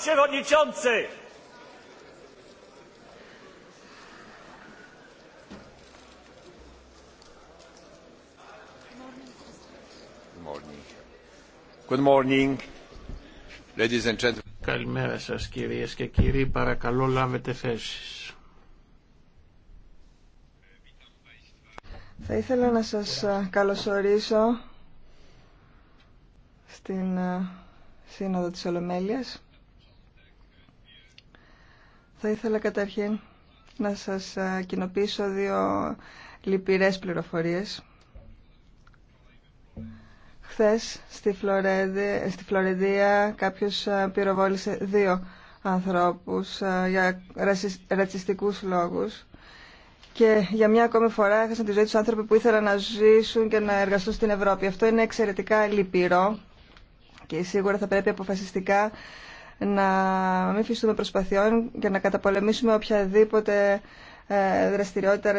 przewodniczący! Καλημέρα σας κυρίε και κύριοι, παρακαλώ λάβετε θέσεις. Θα ήθελα να σας ε, καλωσορίσω στην ε, Σύνοδο της Ολομέλειας. Θα ήθελα καταρχήν να σας ε, κοινοποιήσω δύο λυπηρές πληροφορίες. Χθες στη, Φλωρέδη, ε, στη κάποιος ε, πυροβόλησε δύο ανθρώπους για ρατσιστικούς λόγους και για μια ακόμη φορά έχασαν τη ζωή τους άνθρωποι που ήθελαν να ζήσουν και να εργαστούν στην Ευρώπη. Αυτό είναι εξαιρετικά λυπηρό και σίγουρα θα πρέπει αποφασιστικά να μην φυστούμε προσπαθειών για να καταπολεμήσουμε οποιαδήποτε ε, δραστηριότητα